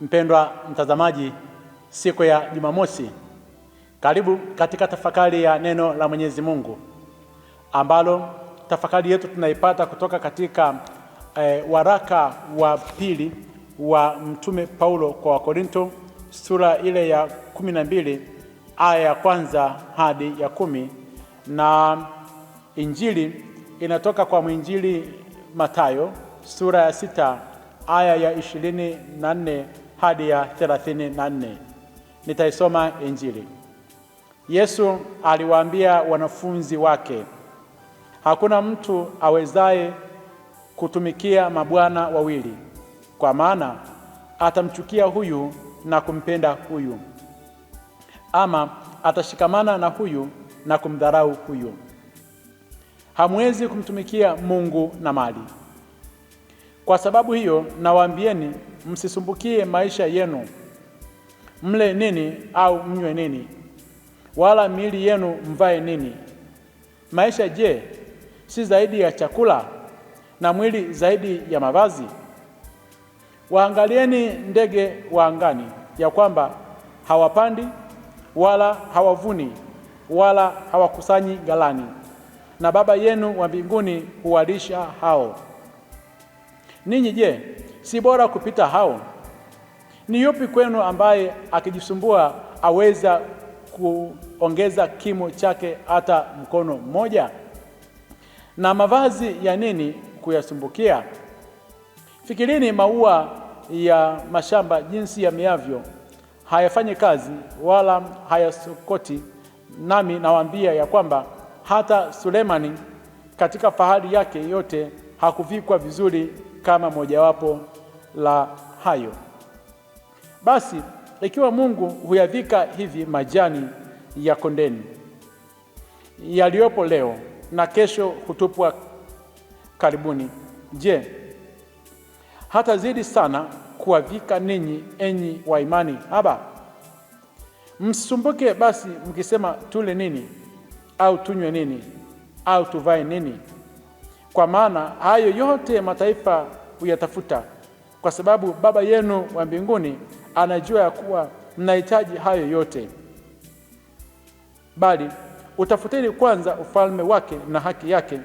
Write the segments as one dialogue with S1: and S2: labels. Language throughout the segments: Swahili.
S1: Mpendwa mtazamaji, siku ya Jumamosi, karibu katika tafakari ya neno la Mwenyezi Mungu ambalo tafakari yetu tunaipata kutoka katika e, waraka wa pili wa Mtume Paulo kwa Wakorinto sura ile ya kumi na mbili aya ya kwanza hadi ya kumi na Injili inatoka kwa mwinjili Matayo sura ya sita aya ya ishirini na nne hadi ya 34. Nitaisoma Injili. Yesu aliwaambia wanafunzi wake, hakuna mtu awezaye kutumikia mabwana wawili, kwa maana atamchukia huyu na kumpenda huyu, ama atashikamana na huyu na kumdharau huyu. Hamwezi kumtumikia Mungu na mali. Kwa sababu hiyo nawaambieni, msisumbukie maisha yenu, mle nini au mnywe nini, wala miili yenu mvae nini. Maisha je, si zaidi ya chakula, na mwili zaidi ya mavazi? Waangalieni ndege wa angani, ya kwamba hawapandi wala hawavuni wala hawakusanyi galani na Baba yenu wa mbinguni huwalisha hao. Ninyi je, si bora kupita hao? Ni yupi kwenu ambaye akijisumbua aweza kuongeza kimo chake hata mkono mmoja? Na mavazi ya nini kuyasumbukia? Fikirini maua ya mashamba jinsi yameavyo, hayafanyi kazi wala hayasokoti. Nami nawaambia ya kwamba hata Sulemani katika fahari yake yote hakuvikwa vizuri kama mojawapo la hayo. Basi ikiwa Mungu huyavika hivi majani ya kondeni yaliyopo leo na kesho hutupwa karibuni, je, hatazidi sana kuwavika ninyi, enyi wa imani haba? msumbuke basi mkisema, tule nini au tunywe nini au tuvae nini? Kwa maana hayo yote mataifa kuyatafuta, kwa sababu Baba yenu wa mbinguni anajua ya kuwa mnahitaji hayo yote. Bali utafuteni kwanza ufalme wake na haki yake,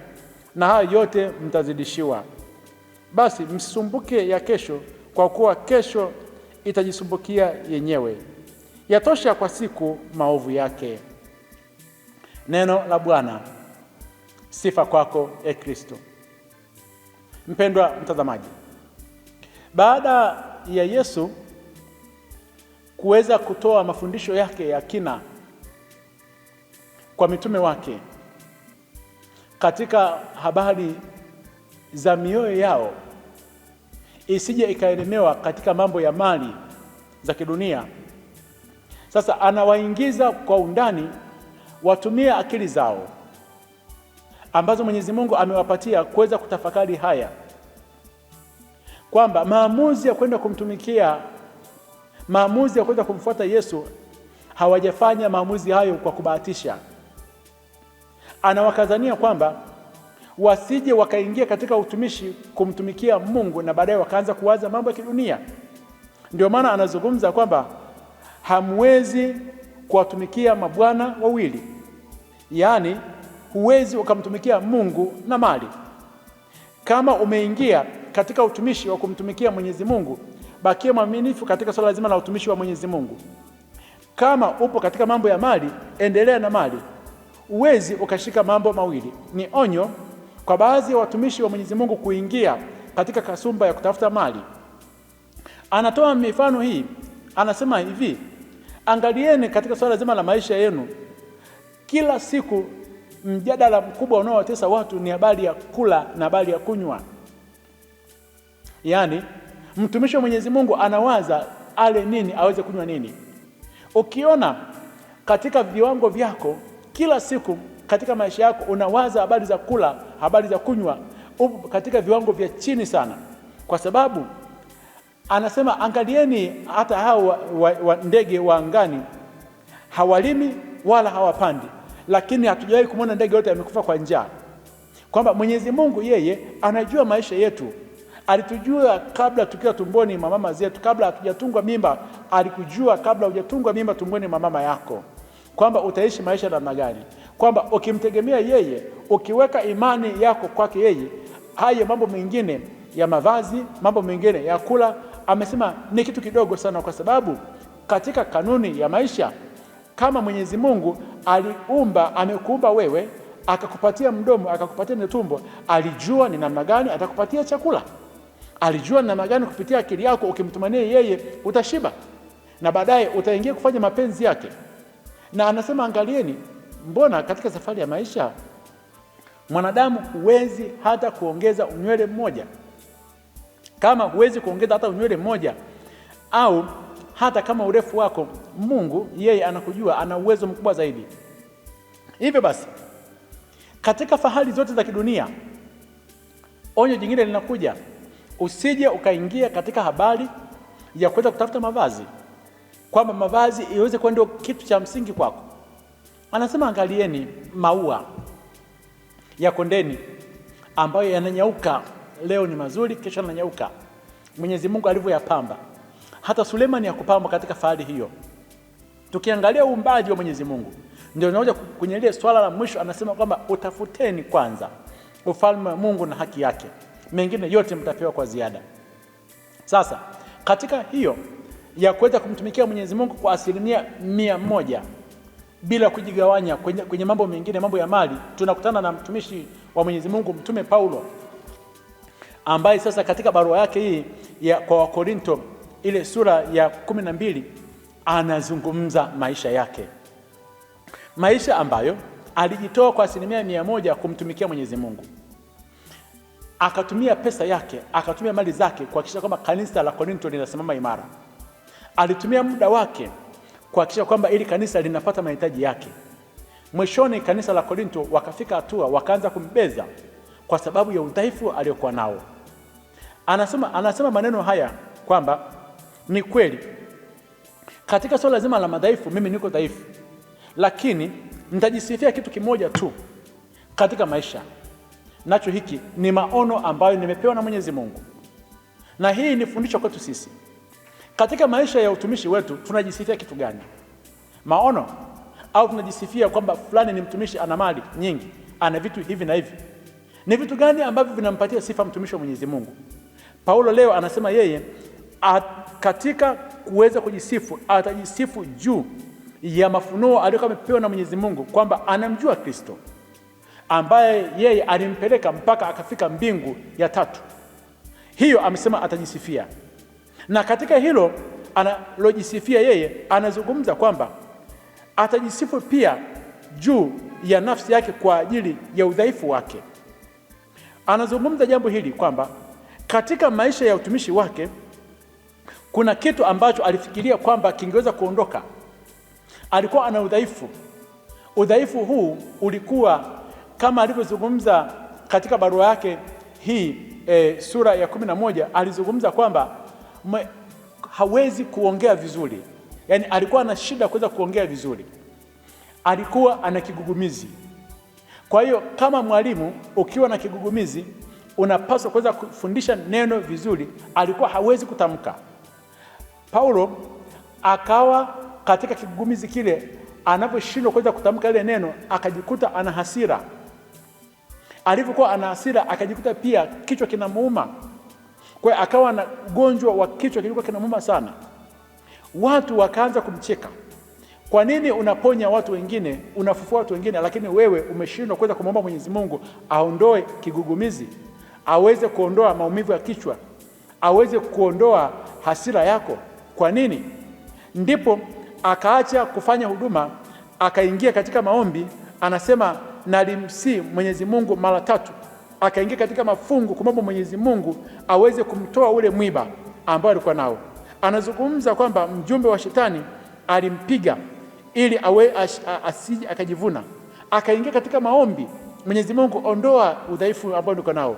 S1: na hayo yote mtazidishiwa. Basi msisumbuke ya kesho, kwa kuwa kesho itajisumbukia yenyewe. Yatosha kwa siku maovu yake. Neno la Bwana. Sifa kwako, e Kristo. Mpendwa mtazamaji, baada ya Yesu kuweza kutoa mafundisho yake ya kina kwa mitume wake katika habari za mioyo yao isije ikaelemewa katika mambo ya mali za kidunia. Sasa anawaingiza kwa undani, watumie akili zao ambazo Mwenyezi Mungu amewapatia kuweza kutafakari haya, kwamba maamuzi ya kwenda kumtumikia, maamuzi ya kwenda kumfuata Yesu, hawajafanya maamuzi hayo kwa kubahatisha. Anawakazania kwamba wasije wakaingia katika utumishi kumtumikia Mungu na baadaye wakaanza kuwaza mambo ya kidunia. Ndio maana anazungumza kwamba hamwezi kuwatumikia mabwana wawili, yaani huwezi ukamtumikia Mungu na mali. Kama umeingia katika utumishi wa kumtumikia Mwenyezi Mungu, bakia mwaminifu katika swala zima la utumishi wa Mwenyezi Mungu. Kama upo katika mambo ya mali, endelea na mali. Huwezi ukashika mambo mawili. Ni onyo kwa baadhi ya watumishi wa Mwenyezi Mungu kuingia katika kasumba ya kutafuta mali. Anatoa mifano hii, anasema hivi: angalieni katika swala zima la maisha yenu kila siku mjadala mkubwa unaowatesa watu ni habari ya kula na habari ya kunywa. Yaani mtumishi wa Mwenyezi Mungu anawaza ale nini, aweze kunywa nini. Ukiona katika viwango vyako kila siku katika maisha yako unawaza habari za kula, habari za kunywa, upo katika viwango vya chini sana, kwa sababu anasema angalieni, hata hao wa, wa, wa ndege wa angani hawalimi wala hawapandi lakini hatujawahi kumwona ndege yote amekufa kwa njaa, kwamba Mwenyezi Mungu yeye anajua maisha yetu. Alitujua kabla tukiwa tumboni mwa mama zetu, kabla hatujatungwa mimba alikujua, kabla hujatungwa mimba tumboni mwa mama yako, kwamba utaishi maisha namna gani, kwamba ukimtegemea yeye, ukiweka imani yako kwake yeye, hayo mambo mengine ya mavazi, mambo mengine ya kula, amesema ni kitu kidogo sana, kwa sababu katika kanuni ya maisha kama Mwenyezi Mungu aliumba, amekuumba wewe, akakupatia mdomo, akakupatia na tumbo. Alijua ni namna gani atakupatia chakula, alijua ni namna gani kupitia akili yako ukimtumania yeye utashiba na baadaye utaingia kufanya mapenzi yake. Na anasema angalieni, mbona katika safari ya maisha mwanadamu huwezi hata kuongeza unywele mmoja. Kama huwezi kuongeza hata unywele mmoja au hata kama urefu wako, Mungu yeye anakujua, ana uwezo mkubwa zaidi. Hivyo basi, katika fahari zote za kidunia, onyo jingine linakuja, usije ukaingia katika habari ya kuweza kutafuta mavazi, kwamba mavazi iweze kuwa ndio kitu cha msingi kwako. Anasema, angalieni maua ya kondeni ambayo yananyauka, leo ni mazuri, kesho yananyauka. Mwenyezi Mungu alivyoyapamba hata Sulemani akupamba katika fahari hiyo. Tukiangalia uumbaji wa Mwenyezi Mungu, ndio inaoja kwenye ile swala la mwisho, anasema kwamba utafuteni kwanza ufalme wa Mungu na haki yake, mengine yote mtapewa kwa ziada. Sasa katika hiyo ya kuweza kumtumikia Mwenyezi Mungu kwa asilimia mia moja bila kujigawanya kwenye, kwenye mambo mengine, mambo ya mali, tunakutana na mtumishi wa Mwenyezi Mungu Mtume Paulo ambaye sasa katika barua yake hii ya kwa Wakorinto ile sura ya kumi na mbili anazungumza maisha yake, maisha ambayo alijitoa kwa asilimia mia moja kumtumikia Mwenyezi Mungu, akatumia pesa yake, akatumia mali zake kuhakikisha kwamba kanisa la Korinto linasimama imara. Alitumia muda wake kuhakikisha kwamba ili kanisa linapata mahitaji yake. Mwishoni kanisa la Korinto wakafika hatua wakaanza kumbeza kwa sababu ya udhaifu aliyokuwa nao. Anasema, anasema maneno haya kwamba ni kweli katika swala zima la madhaifu, mimi niko dhaifu, lakini nitajisifia kitu kimoja tu katika maisha, nacho hiki ni maono ambayo nimepewa na Mwenyezi Mungu, na hii ni fundisho kwetu sisi katika maisha ya utumishi wetu. Tunajisifia kitu gani? Maono au tunajisifia kwamba fulani ni mtumishi, ana mali nyingi, ana vitu hivi na hivi? Ni vitu gani ambavyo vinampatia sifa mtumishi wa Mwenyezi Mungu? Paulo leo anasema yeye At, katika kuweza kujisifu atajisifu juu ya mafunuo aliyokuwa amepewa na Mwenyezi Mungu kwamba anamjua Kristo ambaye yeye alimpeleka mpaka akafika mbingu ya tatu. Hiyo amesema atajisifia, na katika hilo analojisifia yeye anazungumza kwamba atajisifu pia juu ya nafsi yake kwa ajili ya udhaifu wake. Anazungumza jambo hili kwamba katika maisha ya utumishi wake kuna kitu ambacho alifikiria kwamba kingeweza kuondoka. Alikuwa ana udhaifu. Udhaifu huu ulikuwa kama alivyozungumza katika barua yake hii e, sura ya kumi na moja alizungumza kwamba hawezi kuongea vizuri, yaani alikuwa ana shida kuweza kuongea vizuri, alikuwa ana kigugumizi. Kwa hiyo kama mwalimu ukiwa na kigugumizi, unapaswa kuweza kufundisha neno vizuri, alikuwa hawezi kutamka. Paulo akawa katika kigugumizi kile, anaposhindwa kuweza kutamka ile neno, akajikuta ana hasira. Alivyokuwa ana hasira, akajikuta pia kichwa kinamuuma, kwa hiyo akawa na ugonjwa wa kichwa kilikuwa kinamuuma sana. Watu wakaanza kumcheka, kwa nini unaponya watu wengine, unafufua watu wengine, lakini wewe umeshindwa kuweza kumwomba Mwenyezi Mungu aondoe kigugumizi, aweze kuondoa maumivu ya kichwa, aweze kuondoa hasira yako? Kwa nini? Ndipo akaacha kufanya huduma akaingia katika maombi, anasema nalimsi Mwenyezi Mungu mara tatu, akaingia katika mafungu kumwomba Mwenyezi Mungu aweze kumtoa ule mwiba ambao alikuwa nao. Anazungumza kwamba mjumbe wa shetani alimpiga ili awe asije akajivuna, akaingia katika maombi, Mwenyezi Mungu ondoa udhaifu ambao niko nao,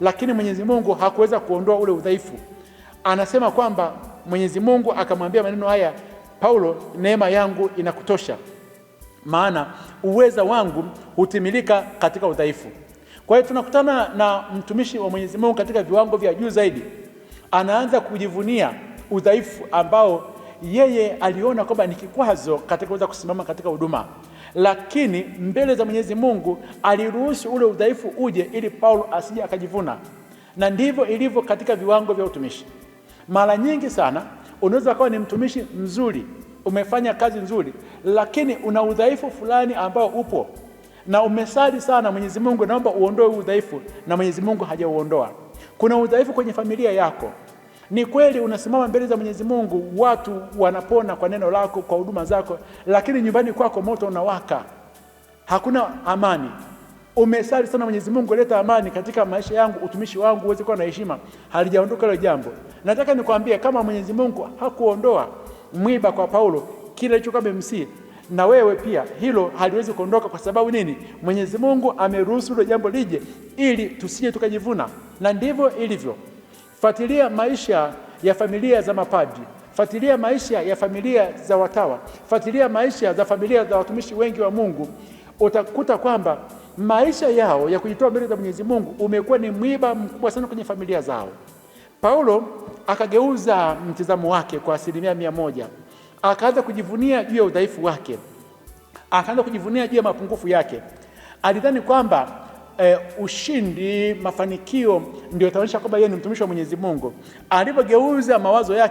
S1: lakini Mwenyezi Mungu hakuweza kuondoa ule udhaifu. Anasema kwamba Mwenyezi Mungu akamwambia maneno haya, Paulo, neema yangu inakutosha, maana uweza wangu hutimilika katika udhaifu. Kwa hiyo tunakutana na mtumishi wa Mwenyezi Mungu katika viwango vya juu zaidi, anaanza kujivunia udhaifu ambao yeye aliona kwamba ni kikwazo katika kuweza kusimama katika huduma, lakini mbele za Mwenyezi Mungu aliruhusu ule udhaifu uje ili Paulo asije akajivuna, na ndivyo ilivyo katika viwango vya utumishi. Mara nyingi sana unaweza kuwa ni mtumishi mzuri, umefanya kazi nzuri, lakini una udhaifu fulani ambao upo na umesali sana, Mwenyezi Mungu, naomba uondoe udhaifu, na Mwenyezi Mungu hajauondoa. Kuna udhaifu kwenye familia yako, ni kweli, unasimama mbele za Mwenyezi Mungu, watu wanapona kwa neno lako, kwa huduma zako, lakini nyumbani kwako moto unawaka, hakuna amani umesali sana Mwenyezi Mungu, leta amani katika maisha yangu, utumishi wangu uweze kuwa na heshima. Halijaondoka hilo jambo. Nataka nikwambie kama Mwenyezi Mungu hakuondoa mwiba kwa Paulo kile alichokuwa amemsihi, na wewe pia hilo haliwezi kuondoka. Kwa sababu nini? Mwenyezi Mungu ameruhusu hilo jambo lije ili tusije tukajivuna, na ndivyo ilivyo. Fuatilia maisha ya familia za mapadri, fuatilia maisha ya familia za watawa, fuatilia maisha za familia za watumishi wengi wa Mungu, utakuta kwamba maisha yao ya kujitoa mbele za Mwenyezi Mungu umekuwa ni mwiba mkubwa sana kwenye familia zao. Paulo akageuza mtizamo wake kwa asilimia mia moja, akaanza kujivunia juu ya udhaifu wake, akaanza kujivunia juu ya mapungufu yake. Alidhani kwamba e, ushindi mafanikio ndio itaonyesha kwamba yeye ni mtumishi wa Mwenyezi Mungu. Alipogeuza mawazo yake